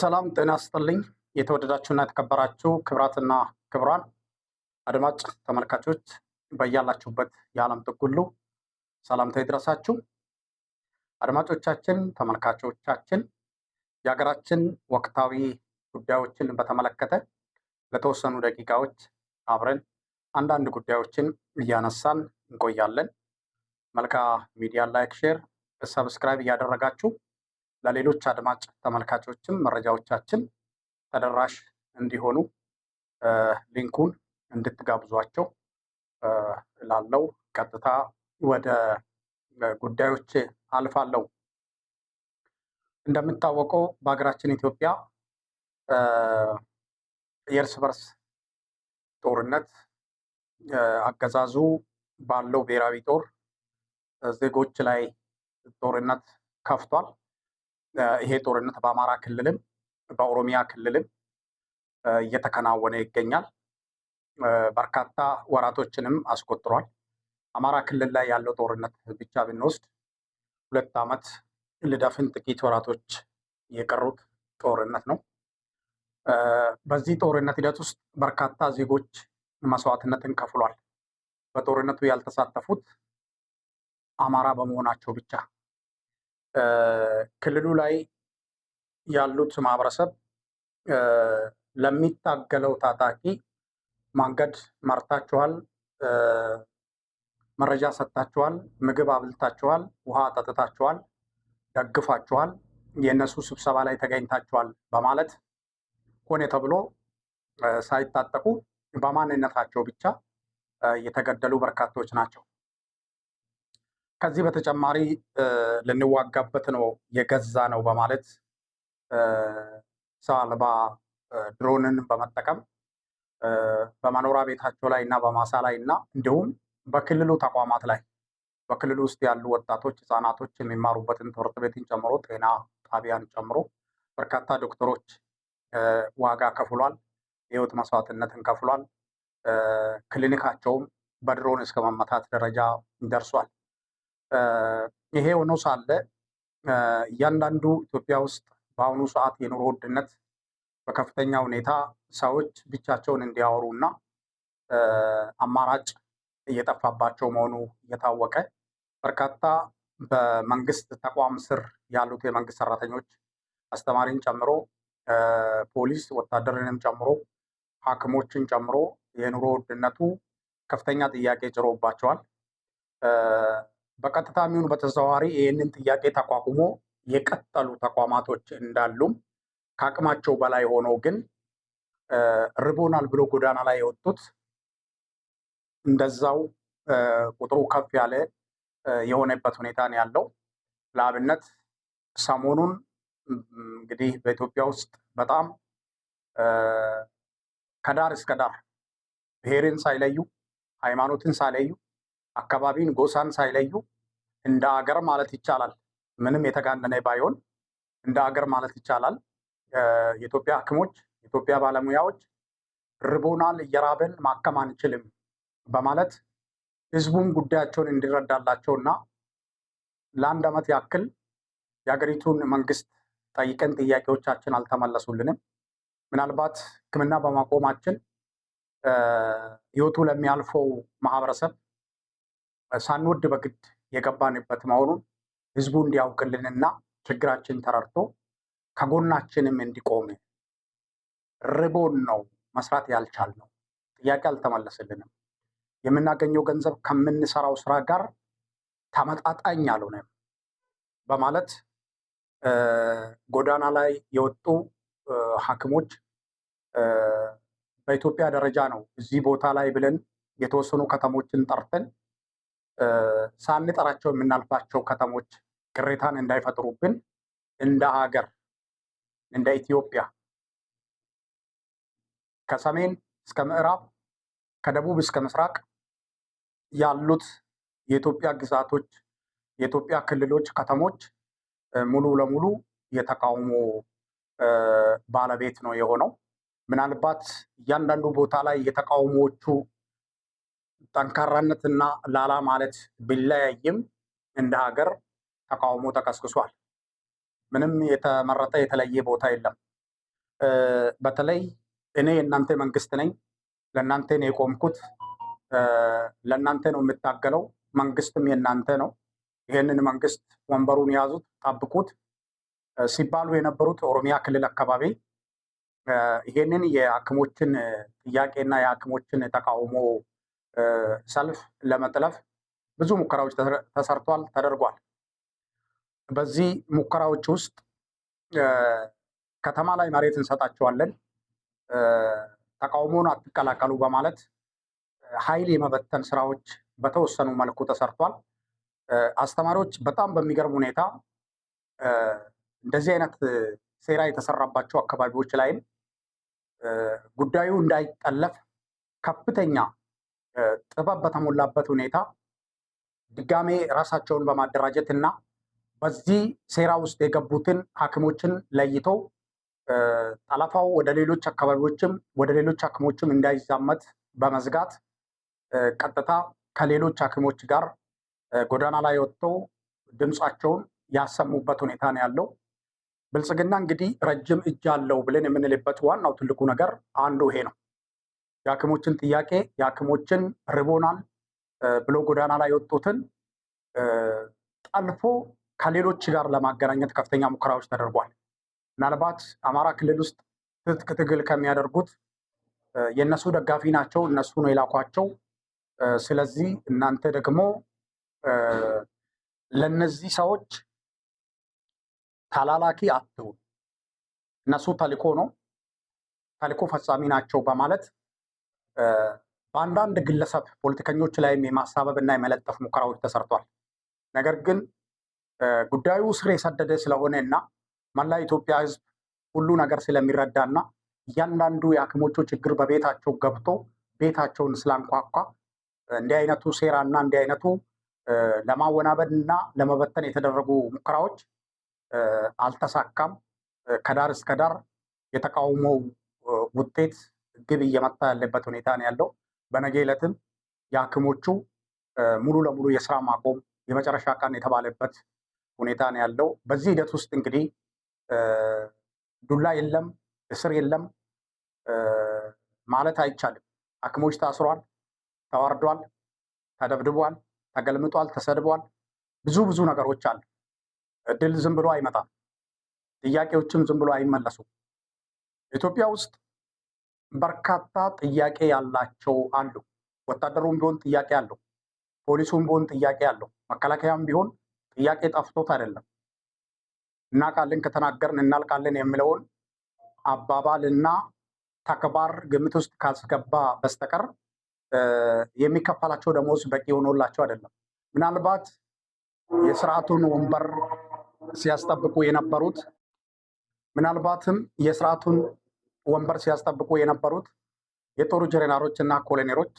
ሰላም ጤና ስጥልኝ። የተወደዳችሁና የተከበራችሁ ክብራትና ክብሯን አድማጭ ተመልካቾች በያላችሁበት የዓለም ጥግ ሁሉ ሰላምታ ይድረሳችሁ። አድማጮቻችን፣ ተመልካቾቻችን የሀገራችን ወቅታዊ ጉዳዮችን በተመለከተ ለተወሰኑ ደቂቃዎች አብረን አንዳንድ ጉዳዮችን እያነሳን እንቆያለን። መልካ ሚዲያ ላይክ፣ ሼር፣ ሰብስክራይብ እያደረጋችሁ ለሌሎች አድማጭ ተመልካቾችም መረጃዎቻችን ተደራሽ እንዲሆኑ ሊንኩን እንድትጋብዟቸው ላለው ቀጥታ ወደ ጉዳዮች አልፋለሁ። እንደሚታወቀው በሀገራችን ኢትዮጵያ የእርስ በርስ ጦርነት አገዛዙ ባለው ብሔራዊ ጦር ዜጎች ላይ ጦርነት ከፍቷል። ይሄ ጦርነት በአማራ ክልልም በኦሮሚያ ክልልም እየተከናወነ ይገኛል። በርካታ ወራቶችንም አስቆጥሯል። አማራ ክልል ላይ ያለው ጦርነት ብቻ ብንወስድ ሁለት ዓመት ልደፍን ጥቂት ወራቶች የቀሩት ጦርነት ነው። በዚህ ጦርነት ሂደት ውስጥ በርካታ ዜጎች መስዋዕትነትን ከፍሏል። በጦርነቱ ያልተሳተፉት አማራ በመሆናቸው ብቻ ክልሉ ላይ ያሉት ማህበረሰብ ለሚታገለው ታጣቂ ማንገድ መርታችኋል፣ መረጃ ሰጥታችኋል፣ ምግብ አብልታችኋል፣ ውሃ ጠጥታችኋል፣ ደግፋችኋል፣ የእነሱ ስብሰባ ላይ ተገኝታችኋል በማለት ሆኔ ተብሎ ሳይታጠቁ በማንነታቸው ብቻ የተገደሉ በርካቶች ናቸው። ከዚህ በተጨማሪ ልንዋጋበት ነው የገዛ ነው በማለት ሰው አልባ ድሮንን በመጠቀም በመኖሪያ ቤታቸው ላይ እና በማሳ ላይ እና እንዲሁም በክልሉ ተቋማት ላይ በክልሉ ውስጥ ያሉ ወጣቶች፣ ህጻናቶች የሚማሩበትን ትምህርት ቤትን ጨምሮ ጤና ጣቢያን ጨምሮ በርካታ ዶክተሮች ዋጋ ከፍሏል። የህይወት መስዋዕትነትን ከፍሏል። ክሊኒካቸውም በድሮን እስከ መመታት ደረጃ ደርሷል። ይሄ ሆኖ ሳለ እያንዳንዱ ኢትዮጵያ ውስጥ በአሁኑ ሰዓት የኑሮ ውድነት በከፍተኛ ሁኔታ ሰዎች ብቻቸውን እንዲያወሩ እና አማራጭ እየጠፋባቸው መሆኑ እየታወቀ በርካታ በመንግስት ተቋም ስር ያሉት የመንግስት ሰራተኞች አስተማሪን ጨምሮ ፖሊስ፣ ወታደርንም ጨምሮ ሐኪሞችን ጨምሮ የኑሮ ውድነቱ ከፍተኛ ጥያቄ ጭሮባቸዋል። በቀጥታ የሚሆኑ በተዘዋዋሪ ይህንን ጥያቄ ተቋቁሞ የቀጠሉ ተቋማቶች እንዳሉም ከአቅማቸው በላይ ሆነው ግን ርቦናል ብሎ ጎዳና ላይ የወጡት እንደዛው ቁጥሩ ከፍ ያለ የሆነበት ሁኔታ ነው ያለው። ለአብነት ሰሞኑን እንግዲህ በኢትዮጵያ ውስጥ በጣም ከዳር እስከ ዳር ብሔርን ሳይለዩ ሃይማኖትን ሳይለዩ አካባቢን፣ ጎሳን ሳይለዩ እንደ አገር ማለት ይቻላል ምንም የተጋነነ ባይሆን እንደ አገር ማለት ይቻላል የኢትዮጵያ ሐኪሞች የኢትዮጵያ ባለሙያዎች ርቦናል፣ እየራበን ማከም አንችልም በማለት ህዝቡም ጉዳያቸውን እንዲረዳላቸው እና ለአንድ ዓመት ያክል የሀገሪቱን መንግስት ጠይቀን ጥያቄዎቻችን አልተመለሱልንም። ምናልባት ህክምና በማቆማችን ህይወቱ ለሚያልፈው ማህበረሰብ ሳንወድ በግድ የገባንበት መሆኑን ህዝቡ እንዲያውቅልንና ችግራችን ተረድቶ ከጎናችንም እንዲቆም ርቦን ነው መስራት ያልቻልነው። ጥያቄ አልተመለስልንም። የምናገኘው ገንዘብ ከምንሰራው ስራ ጋር ተመጣጣኝ አልሆነም በማለት ጎዳና ላይ የወጡ ሐኪሞች በኢትዮጵያ ደረጃ ነው እዚህ ቦታ ላይ ብለን የተወሰኑ ከተሞችን ጠርተን ሳንጠራቸው የምናልፋቸው ከተሞች ቅሬታን እንዳይፈጥሩብን እንደ ሀገር እንደ ኢትዮጵያ ከሰሜን እስከ ምዕራብ ከደቡብ እስከ ምስራቅ ያሉት የኢትዮጵያ ግዛቶች የኢትዮጵያ ክልሎች ከተሞች ሙሉ ለሙሉ የተቃውሞ ባለቤት ነው የሆነው። ምናልባት እያንዳንዱ ቦታ ላይ የተቃውሞዎቹ ጠንካራነትና ላላ ማለት ቢለያይም እንደ ሀገር ተቃውሞ ተቀስቅሷል። ምንም የተመረጠ የተለየ ቦታ የለም። በተለይ እኔ የእናንተ መንግስት ነኝ፣ ለእናንተ ነው የቆምኩት፣ ለእናንተ ነው የምታገለው፣ መንግስትም የእናንተ ነው፣ ይህንን መንግስት ወንበሩን የያዙት ጠብቁት ሲባሉ የነበሩት ኦሮሚያ ክልል አካባቢ ይህንን የሐኪሞችን ጥያቄና የሐኪሞችን ተቃውሞ ሰልፍ ለመጥለፍ ብዙ ሙከራዎች ተሰርቷል ተደርጓል። በዚህ ሙከራዎች ውስጥ ከተማ ላይ መሬት እንሰጣቸዋለን፣ ተቃውሞን አትቀላቀሉ በማለት ኃይል የመበተን ስራዎች በተወሰኑ መልኩ ተሰርቷል። አስተማሪዎች በጣም በሚገርም ሁኔታ እንደዚህ አይነት ሴራ የተሰራባቸው አካባቢዎች ላይም ጉዳዩ እንዳይጠለፍ ከፍተኛ ጥበብ በተሞላበት ሁኔታ ድጋሜ ራሳቸውን በማደራጀት እና በዚህ ሴራ ውስጥ የገቡትን ሐኪሞችን ለይቶ ጠለፋው ወደ ሌሎች አካባቢዎችም ወደ ሌሎች ሐኪሞችም እንዳይዛመት በመዝጋት ቀጥታ ከሌሎች ሐኪሞች ጋር ጎዳና ላይ ወጥተው ድምፃቸውን ያሰሙበት ሁኔታ ነው ያለው። ብልጽግና እንግዲህ ረጅም እጅ አለው ብለን የምንልበት ዋናው ትልቁ ነገር አንዱ ይሄ ነው። የሐኪሞችን ጥያቄ የሐኪሞችን ርቦናል ብሎ ጎዳና ላይ የወጡትን ጠልፎ ከሌሎች ጋር ለማገናኘት ከፍተኛ ሙከራዎች ተደርጓል። ምናልባት አማራ ክልል ውስጥ ትጥቅ ትግል ከሚያደርጉት የእነሱ ደጋፊ ናቸው፣ እነሱ ነው የላኳቸው። ስለዚህ እናንተ ደግሞ ለእነዚህ ሰዎች ተላላኪ አትሁን፣ እነሱ ተልኮ ነው ተልኮ ፈጻሚ ናቸው በማለት በአንዳንድ ግለሰብ ፖለቲከኞች ላይም የማሳበብ እና የመለጠፍ ሙከራዎች ተሰርቷል። ነገር ግን ጉዳዩ ስር የሰደደ ስለሆነ እና መላ ኢትዮጵያ ሕዝብ ሁሉ ነገር ስለሚረዳ እና እያንዳንዱ የሐኪሞቹ ችግር በቤታቸው ገብቶ ቤታቸውን ስላንኳኳ እንዲህ አይነቱ ሴራ እና እንዲህ አይነቱ ለማወናበድ እና ለመበተን የተደረጉ ሙከራዎች አልተሳካም። ከዳር እስከ ዳር የተቃውሞው ውጤት ግብ እየመጣ ያለበት ሁኔታ ነው ያለው። በነገ ዕለትም የሐኪሞቹ ሙሉ ለሙሉ የስራ ማቆም የመጨረሻ ቀን የተባለበት ሁኔታ ነው ያለው። በዚህ ሂደት ውስጥ እንግዲህ ዱላ የለም፣ እስር የለም ማለት አይቻልም። ሐኪሞች ታስሯል፣ ተዋርዷል፣ ተደብድቧል፣ ተገልምጧል፣ ተሰድቧል። ብዙ ብዙ ነገሮች አሉ። እድል ዝም ብሎ አይመጣም። ጥያቄዎችም ዝም ብሎ አይመለሱም። ኢትዮጵያ ውስጥ በርካታ ጥያቄ ያላቸው አሉ። ወታደሩም ቢሆን ጥያቄ አለው፣ ፖሊሱም ቢሆን ጥያቄ አለው፣ መከላከያም ቢሆን ጥያቄ ጠፍቶት አይደለም። እናውቃለን ከተናገርን እናልቃለን የሚለውን እና ተክባር ግምት ውስጥ ካስገባ በስተቀር የሚከፈላቸው ደሞዝ በቂ ሆኖላቸው አይደለም። ምናልባት የስርዓቱን ወንበር ሲያስጠብቁ የነበሩት ምናልባትም የስርዓቱን ወንበር ሲያስጠብቁ የነበሩት የጦሩ ጀኔራሎች እና ኮሎኔሎች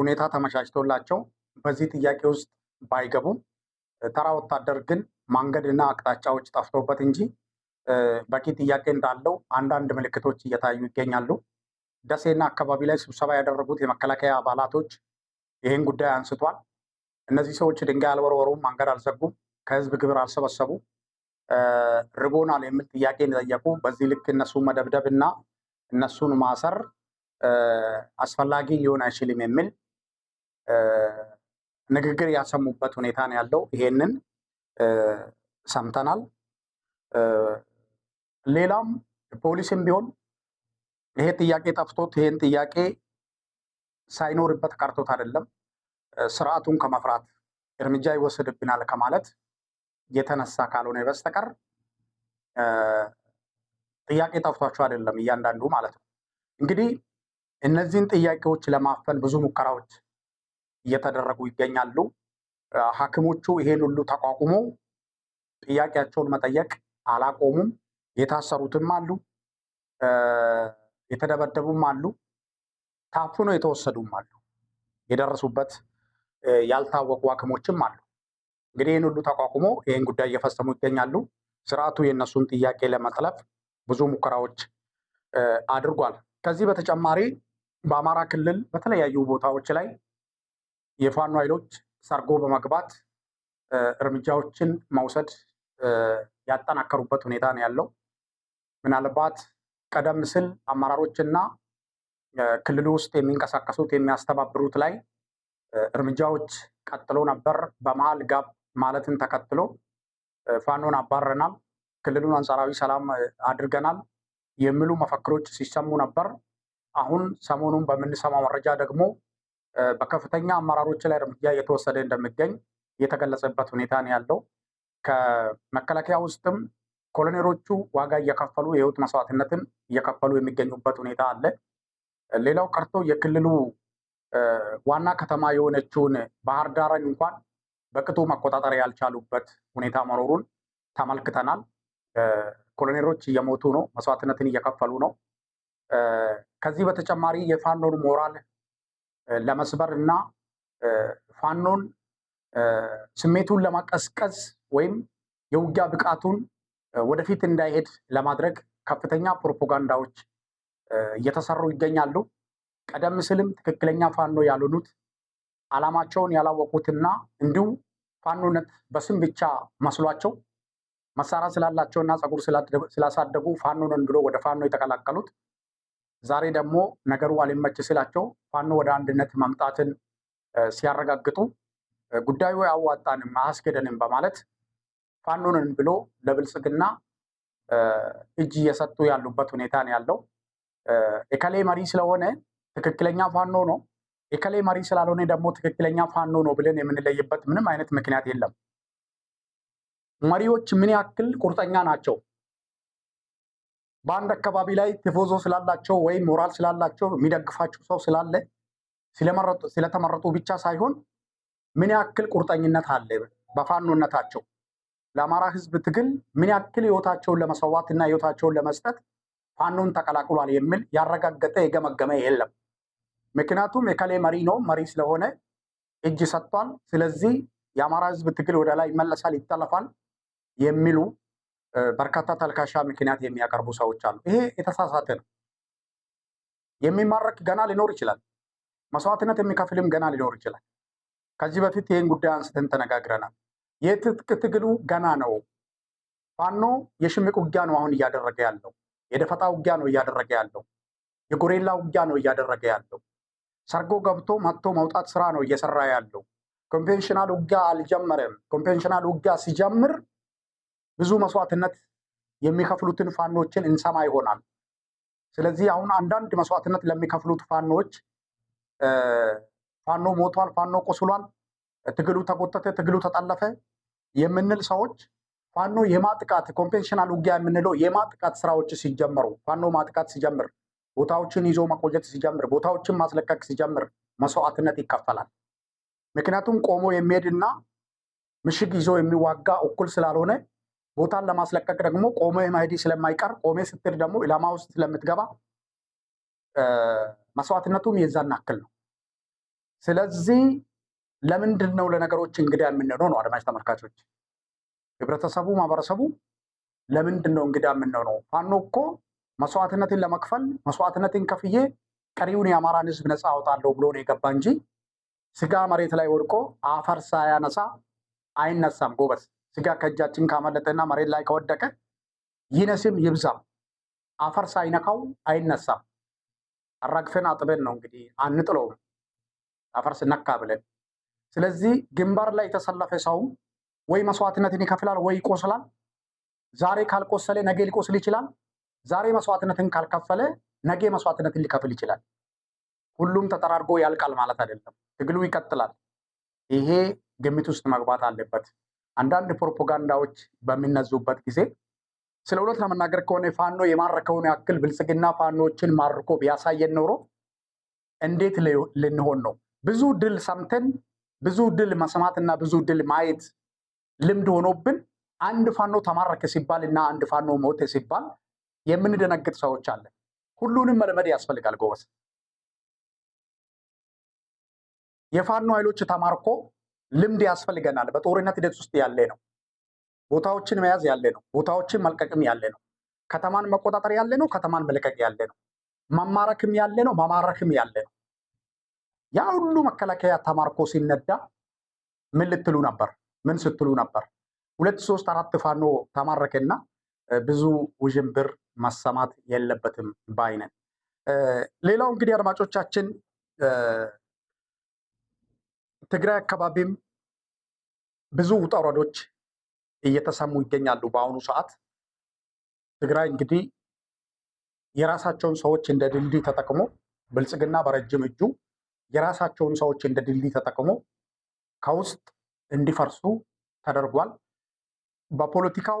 ሁኔታ ተመቻችቶላቸው በዚህ ጥያቄ ውስጥ ባይገቡም ተራ ወታደር ግን ማንገድና አቅጣጫዎች ጠፍቶበት እንጂ በቂ ጥያቄ እንዳለው አንዳንድ ምልክቶች እየታዩ ይገኛሉ። ደሴና አካባቢ ላይ ስብሰባ ያደረጉት የመከላከያ አባላቶች ይህን ጉዳይ አንስቷል። እነዚህ ሰዎች ድንጋይ አልወረወሩም፣ መንገድ አልዘጉም፣ ከህዝብ ግብር አልሰበሰቡ፣ ርቦናል የሚል ጥያቄ እንደጠየቁ በዚህ ልክ እነሱ መደብደብ እና እነሱን ማሰር አስፈላጊ ሊሆን አይችልም የሚል ንግግር ያሰሙበት ሁኔታ ነው ያለው። ይሄንን ሰምተናል። ሌላም ፖሊስም ቢሆን ይሄ ጥያቄ ጠፍቶት ይሄን ጥያቄ ሳይኖርበት ቀርቶት አይደለም፣ ስርዓቱን ከመፍራት እርምጃ ይወሰድብናል ከማለት የተነሳ ካልሆነ በስተቀር ጥያቄ ጠፍቷቸው አይደለም እያንዳንዱ ማለት ነው። እንግዲህ እነዚህን ጥያቄዎች ለማፈን ብዙ ሙከራዎች እየተደረጉ ይገኛሉ። ሐኪሞቹ ይሄን ሁሉ ተቋቁሞ ጥያቄያቸውን መጠየቅ አላቆሙም። የታሰሩትም አሉ፣ የተደበደቡም አሉ፣ ታፍኖ የተወሰዱም አሉ፣ የደረሱበት ያልታወቁ ሐኪሞችም አሉ። እንግዲህ ይህን ሁሉ ተቋቁሞ ይህን ጉዳይ እየፈጸሙ ይገኛሉ። ስርዓቱ የእነሱን ጥያቄ ለመጥለፍ ብዙ ሙከራዎች አድርጓል። ከዚህ በተጨማሪ በአማራ ክልል በተለያዩ ቦታዎች ላይ የፋኖ ኃይሎች ሰርጎ በመግባት እርምጃዎችን መውሰድ ያጠናከሩበት ሁኔታ ነው ያለው። ምናልባት ቀደም ሲል አመራሮችና ክልሉ ውስጥ የሚንቀሳቀሱት የሚያስተባብሩት ላይ እርምጃዎች ቀጥሎ ነበር። በመሀል ጋብ ማለትን ተከትሎ ፋኖን አባረናል፣ ክልሉን አንጻራዊ ሰላም አድርገናል የሚሉ መፈክሮች ሲሰሙ ነበር። አሁን ሰሞኑን በምንሰማው መረጃ ደግሞ በከፍተኛ አመራሮች ላይ እርምጃ እየተወሰደ እንደሚገኝ የተገለጸበት ሁኔታ ነው ያለው። ከመከላከያ ውስጥም ኮሎኔሎቹ ዋጋ እየከፈሉ የህይወት መስዋዕትነትን እየከፈሉ የሚገኙበት ሁኔታ አለ። ሌላው ቀርቶ የክልሉ ዋና ከተማ የሆነችውን ባህር ዳርን እንኳን በቅጡ መቆጣጠር ያልቻሉበት ሁኔታ መኖሩን ተመልክተናል። ኮሎኔሎች እየሞቱ ነው፣ መስዋዕትነትን እየከፈሉ ነው። ከዚህ በተጨማሪ የፋኖን ሞራል ለመስበር እና ፋኖን ስሜቱን ለማቀስቀስ ወይም የውጊያ ብቃቱን ወደፊት እንዳይሄድ ለማድረግ ከፍተኛ ፕሮፓጋንዳዎች እየተሰሩ ይገኛሉ። ቀደም ሲልም ትክክለኛ ፋኖ ያልሆኑት ዓላማቸውን ያላወቁትና እንዲሁ ፋኖነት በስም ብቻ መስሏቸው መሳሪያ ስላላቸውና ጸጉር ስላሳደጉ ፋኖ ነን ብሎ ወደ ፋኖ የተቀላቀሉት ዛሬ ደግሞ ነገሩ አልመች ስላቸው ፋኖ ወደ አንድነት መምጣትን ሲያረጋግጡ ጉዳዩ አዋጣንም አያስገደንም በማለት ፋኖ ነን ብሎ ለብልጽግና እጅ እየሰጡ ያሉበት ሁኔታ ነው ያለው። እከሌ መሪ ስለሆነ ትክክለኛ ፋኖ ነው የከላይ መሪ ስላልሆነ ደግሞ ትክክለኛ ፋኖ ነው ብለን የምንለይበት ምንም አይነት ምክንያት የለም። መሪዎች ምን ያክል ቁርጠኛ ናቸው? በአንድ አካባቢ ላይ ትፎዞ ስላላቸው ወይም ሞራል ስላላቸው የሚደግፋቸው ሰው ስላለ ስለተመረጡ ብቻ ሳይሆን ምን ያክል ቁርጠኝነት አለ በፋኖነታቸው ለአማራ ሕዝብ ትግል ምን ያክል ህይወታቸውን ለመሰዋት እና ህይወታቸውን ለመስጠት ፋኖን ተቀላቅሏል የሚል ያረጋገጠ የገመገመ የለም። ምክንያቱም የከሌ መሪ ነው፣ መሪ ስለሆነ እጅ ሰጥቷል። ስለዚህ የአማራ ህዝብ ትግል ወደ ላይ ይመለሳል፣ ይጠለፋል የሚሉ በርካታ ተልካሻ ምክንያት የሚያቀርቡ ሰዎች አሉ። ይሄ የተሳሳተ ነው። የሚማረክ ገና ሊኖር ይችላል። መስዋዕትነት የሚከፍልም ገና ሊኖር ይችላል። ከዚህ በፊት ይህን ጉዳይ አንስተን ተነጋግረናል። የትጥቅ ትግሉ ገና ነው። ፋኖ የሽምቅ ውጊያ ነው አሁን እያደረገ ያለው። የደፈጣ ውጊያ ነው እያደረገ ያለው። የጎሬላ ውጊያ ነው እያደረገ ያለው። ሰርጎ ገብቶ መጥቶ መውጣት ስራ ነው እየሰራ ያለው። ኮንቬንሽናል ውጊያ አልጀመረም። ኮንቬንሽናል ውጊያ ሲጀምር ብዙ መስዋዕትነት የሚከፍሉትን ፋኖችን እንሰማ ይሆናል። ስለዚህ አሁን አንዳንድ መስዋዕትነት ለሚከፍሉት ፋኖች ፋኖ ሞቷል፣ ፋኖ ቆስሏል፣ ትግሉ ተጎተተ፣ ትግሉ ተጠለፈ የምንል ሰዎች ፋኖ የማጥቃት ኮንቬንሽናል ውጊያ የምንለው የማጥቃት ስራዎች ሲጀመሩ ፋኖ ማጥቃት ሲጀምር ቦታዎችን ይዞ መቆየት ሲጀምር፣ ቦታዎችን ማስለቀቅ ሲጀምር መስዋዕትነት ይከፈላል። ምክንያቱም ቆሞ የሚሄድና ምሽግ ይዞ የሚዋጋ እኩል ስላልሆነ ቦታን ለማስለቀቅ ደግሞ ቆመ መሄድ ስለማይቀር ቆሜ ስትል ደግሞ ኢላማ ውስጥ ስለምትገባ መስዋዕትነቱም የዛን አክል ነው። ስለዚህ ለምንድን ነው ለነገሮች እንግዳ የምንሆነው? ነው አድማጭ ተመልካቾች፣ ህብረተሰቡ ማህበረሰቡ ለምንድን ነው እንግዳ የምንሆነው? ፋኖ እኮ መስዋዕትነትን ለመክፈል መስዋዕትነትን ከፍዬ ቀሪውን የአማራን ህዝብ ነፃ አወጣለሁ ብሎ ነው የገባ እንጂ ስጋ መሬት ላይ ወድቆ አፈር ሳያነሳ አይነሳም። ጎበዝ ስጋ ከእጃችን ካመለጠና መሬት ላይ ከወደቀ ይነስም ይብዛም አፈር ሳይነካው አይነሳም። አራግፈን አጥበን ነው እንግዲህ አንጥለውም አፈር ስነካ ብለን። ስለዚህ ግንባር ላይ የተሰለፈ ሰው ወይ መስዋዕትነትን ይከፍላል ወይ ይቆስላል። ዛሬ ካልቆሰለ ነገ ሊቆስል ይችላል። ዛሬ መስዋዕትነትን ካልከፈለ ነገ መስዋዕትነትን ሊከፍል ይችላል። ሁሉም ተጠራርጎ ያልቃል ማለት አይደለም። ትግሉ ይቀጥላል። ይሄ ግምት ውስጥ መግባት አለበት። አንዳንድ ፕሮፓጋንዳዎች በሚነዙበት ጊዜ ስለ እውነት ለመናገር ከሆነ ፋኖ የማረከውን ያክል ብልጽግና ፋኖዎችን ማርኮ ቢያሳየን ኖሮ እንዴት ልንሆን ነው? ብዙ ድል ሰምተን ብዙ ድል መስማትና ብዙ ድል ማየት ልምድ ሆኖብን አንድ ፋኖ ተማረከ ሲባል እና አንድ ፋኖ ሞተ ሲባል የምንደነግጥ ሰዎች አለን። ሁሉንም መልመድ ያስፈልጋል ጎበዝ። የፋኖ ኃይሎች ተማርኮ ልምድ ያስፈልገናል። በጦርነት ሂደት ውስጥ ያለ ነው። ቦታዎችን መያዝ ያለ ነው። ቦታዎችን መልቀቅም ያለ ነው። ከተማን መቆጣጠር ያለ ነው። ከተማን መልቀቅ ያለ ነው። መማረክም ያለ ነው። መማረክም ያለ ነው። ያ ሁሉ መከላከያ ተማርኮ ሲነዳ ምን ልትሉ ነበር? ምን ስትሉ ነበር? ሁለት ሶስት አራት ፋኖ ተማረከና ብዙ ውዥንብር መሰማት የለበትም ባይ ነን። ሌላው እንግዲህ አድማጮቻችን ትግራይ አካባቢም ብዙ ውጣ ውረዶች እየተሰሙ ይገኛሉ። በአሁኑ ሰዓት ትግራይ እንግዲህ የራሳቸውን ሰዎች እንደ ድልድይ ተጠቅሞ ብልጽግና በረጅም እጁ የራሳቸውን ሰዎች እንደ ድልድይ ተጠቅሞ ከውስጥ እንዲፈርሱ ተደርጓል። በፖለቲካው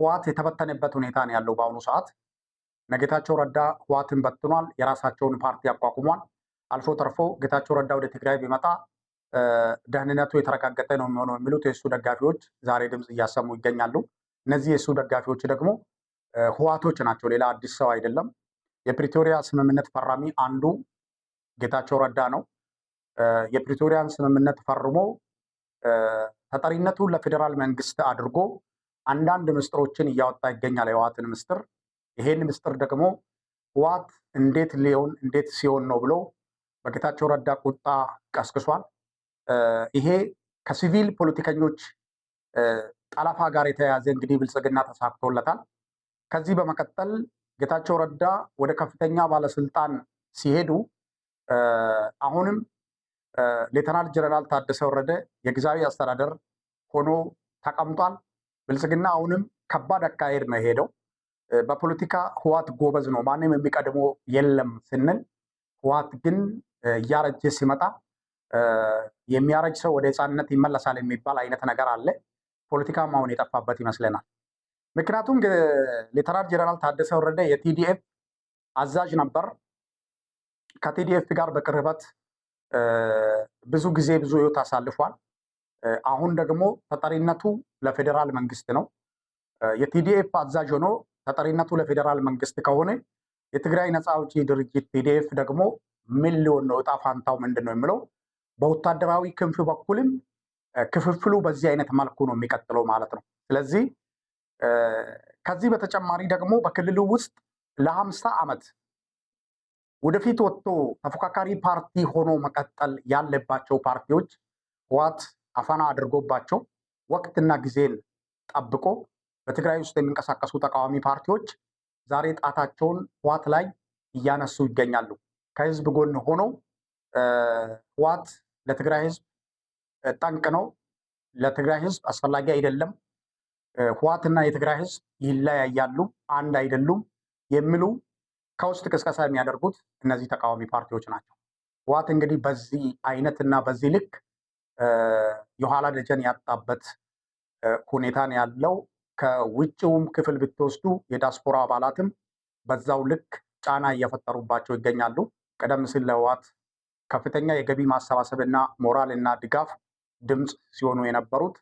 ህዋት የተበተነበት ሁኔታ ነው ያለው በአሁኑ ሰዓት። እነ ጌታቸው ረዳ ህዋትን በትኗል፣ የራሳቸውን ፓርቲ አቋቁሟል። አልፎ ተርፎ ጌታቸው ረዳ ወደ ትግራይ ቢመጣ ደህንነቱ የተረጋገጠ ነው የሚሆነው የሚሉት የእሱ ደጋፊዎች ዛሬ ድምፅ እያሰሙ ይገኛሉ። እነዚህ የእሱ ደጋፊዎች ደግሞ ህዋቶች ናቸው፣ ሌላ አዲስ ሰው አይደለም። የፕሪቶሪያ ስምምነት ፈራሚ አንዱ ጌታቸው ረዳ ነው። የፕሪቶሪያን ስምምነት ፈርሞ ተጠሪነቱን ለፌዴራል መንግስት አድርጎ አንዳንድ ምስጢሮችን እያወጣ ይገኛል። የህዋትን ምስጢር ይሄን ምስጢር ደግሞ ህዋት እንዴት ሊሆን እንዴት ሲሆን ነው ብሎ በጌታቸው ረዳ ቁጣ ቀስቅሷል። ይሄ ከሲቪል ፖለቲከኞች ጠለፋ ጋር የተያያዘ እንግዲህ ብልጽግና ተሳክቶለታል። ከዚህ በመቀጠል ጌታቸው ረዳ ወደ ከፍተኛ ባለስልጣን ሲሄዱ አሁንም ሌተናል ጀነራል ታደሰ ወረደ የጊዜያዊ አስተዳደር ሆኖ ተቀምጧል። ብልጽግና አሁንም ከባድ አካሄድ ነው የሄደው። በፖለቲካ ህዋት ጎበዝ ነው፣ ማንም የሚቀድሞ የለም ስንል ህዋት ግን እያረጀ ሲመጣ የሚያረጅ ሰው ወደ ህፃንነት ይመለሳል የሚባል አይነት ነገር አለ። ፖለቲካም አሁን የጠፋበት ይመስለናል። ምክንያቱም ሌተናል ጀነራል ታደሰ ወረደ የቲዲኤፍ አዛዥ ነበር። ከቲዲኤፍ ጋር በቅርበት ብዙ ጊዜ ብዙ ህይወት አሳልፏል። አሁን ደግሞ ተጠሪነቱ ለፌዴራል መንግስት ነው። የቲዲኤፍ አዛዥ ሆኖ ተጠሪነቱ ለፌዴራል መንግስት ከሆነ የትግራይ ነፃ አውጪ ድርጅት ቲዲኤፍ ደግሞ ምን ሊሆን ነው? እጣ ፋንታው ምንድን ነው የሚለው በወታደራዊ ክንፍ በኩልም ክፍፍሉ በዚህ አይነት መልኩ ነው የሚቀጥለው ማለት ነው። ስለዚህ ከዚህ በተጨማሪ ደግሞ በክልሉ ውስጥ ለሀምሳ ዓመት ወደፊት ወጥቶ ተፎካካሪ ፓርቲ ሆኖ መቀጠል ያለባቸው ፓርቲዎች ህዋት አፈና አድርጎባቸው ወቅትና ጊዜን ጠብቆ በትግራይ ውስጥ የሚንቀሳቀሱ ተቃዋሚ ፓርቲዎች ዛሬ ጣታቸውን ህዋት ላይ እያነሱ ይገኛሉ። ከህዝብ ጎን ሆኖ ህዋት ለትግራይ ህዝብ ጠንቅ ነው፣ ለትግራይ ህዝብ አስፈላጊ አይደለም፣ ህዋትና የትግራይ ህዝብ ይለያያሉ፣ አንድ አይደሉም የሚሉ ከውስጥ ቅስቀሳ የሚያደርጉት እነዚህ ተቃዋሚ ፓርቲዎች ናቸው። ህዋት እንግዲህ በዚህ አይነትና በዚህ ልክ የኋላ ደጀን ያጣበት ሁኔታን ያለው ከውጭውም ክፍል ብትወስዱ የዲያስፖራ አባላትም በዛው ልክ ጫና እየፈጠሩባቸው ይገኛሉ። ቀደም ሲል ለህወሓት ከፍተኛ የገቢ ማሰባሰብና ሞራል እና ድጋፍ ድምፅ ሲሆኑ የነበሩት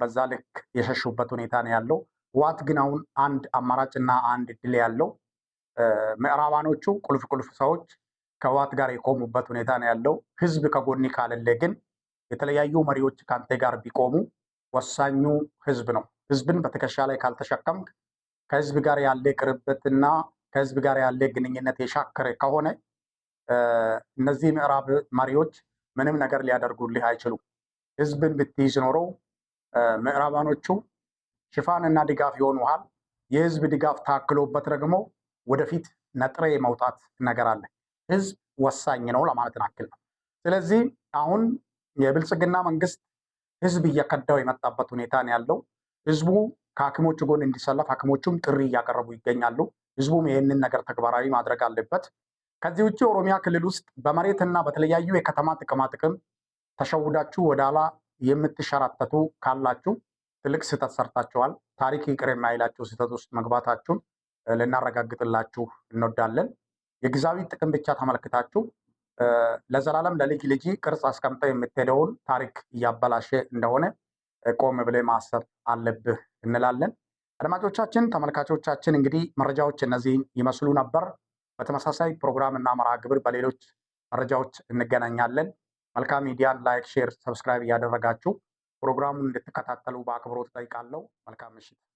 በዛ ልክ የሸሹበት ሁኔታ ነው ያለው። ህወሓት ግን አሁን አንድ አማራጭና አንድ ድል ያለው ምዕራባኖቹ ቁልፍ ቁልፍ ሰዎች ከህወሓት ጋር የቆሙበት ሁኔታ ነው ያለው። ህዝብ ከጎኒ ካለለ ግን የተለያዩ መሪዎች ከአንተ ጋር ቢቆሙ ወሳኙ ህዝብ ነው። ህዝብን በትከሻ ላይ ካልተሸከምክ፣ ከህዝብ ጋር ያለ ቅርበትና ከህዝብ ጋር ያለ ግንኙነት የሻከረ ከሆነ እነዚህ ምዕራብ መሪዎች ምንም ነገር ሊያደርጉልህ አይችሉም። ህዝብን ብትይዝ ኖሮ ምዕራባኖቹ ሽፋንና ድጋፍ ይሆኑሃል። የህዝብ ድጋፍ ታክሎበት ደግሞ ወደፊት ነጥሬ መውጣት ነገር አለ። ህዝብ ወሳኝ ነው ለማለት ናክል ነው። ስለዚህ አሁን የብልጽግና መንግስት ህዝብ እየከዳው የመጣበት ሁኔታ ነው ያለው። ህዝቡ ከሀኪሞቹ ጎን እንዲሰለፍ ሀኪሞቹም ጥሪ እያቀረቡ ይገኛሉ። ህዝቡም ይህንን ነገር ተግባራዊ ማድረግ አለበት። ከዚህ ውጭ ኦሮሚያ ክልል ውስጥ በመሬትና በተለያዩ የከተማ ጥቅማ ጥቅም ተሸውዳችሁ ወደ ኋላ የምትሸራተቱ ካላችሁ ትልቅ ስህተት ሰርታችኋል። ታሪክ ይቅር የማይላችሁ ስህተት ውስጥ መግባታችሁን ልናረጋግጥላችሁ እንወዳለን። የግዛዊ ጥቅም ብቻ ተመልክታችሁ ለዘላለም ለልጅ ልጅ ቅርጽ አስቀምጠው የምትሄደውን ታሪክ እያበላሸ እንደሆነ ቆም ብለ ማሰብ አለብህ እንላለን። አድማጮቻችን፣ ተመልካቾቻችን እንግዲህ መረጃዎች እነዚህን ይመስሉ ነበር። በተመሳሳይ ፕሮግራም እና መርሃ ግብር በሌሎች መረጃዎች እንገናኛለን። መልካም ሚዲያን ላይክ፣ ሼር፣ ሰብስክራይብ እያደረጋችሁ ፕሮግራሙን እንድትከታተሉ በአክብሮት ጠይቃለሁ። መልካም ምሽት።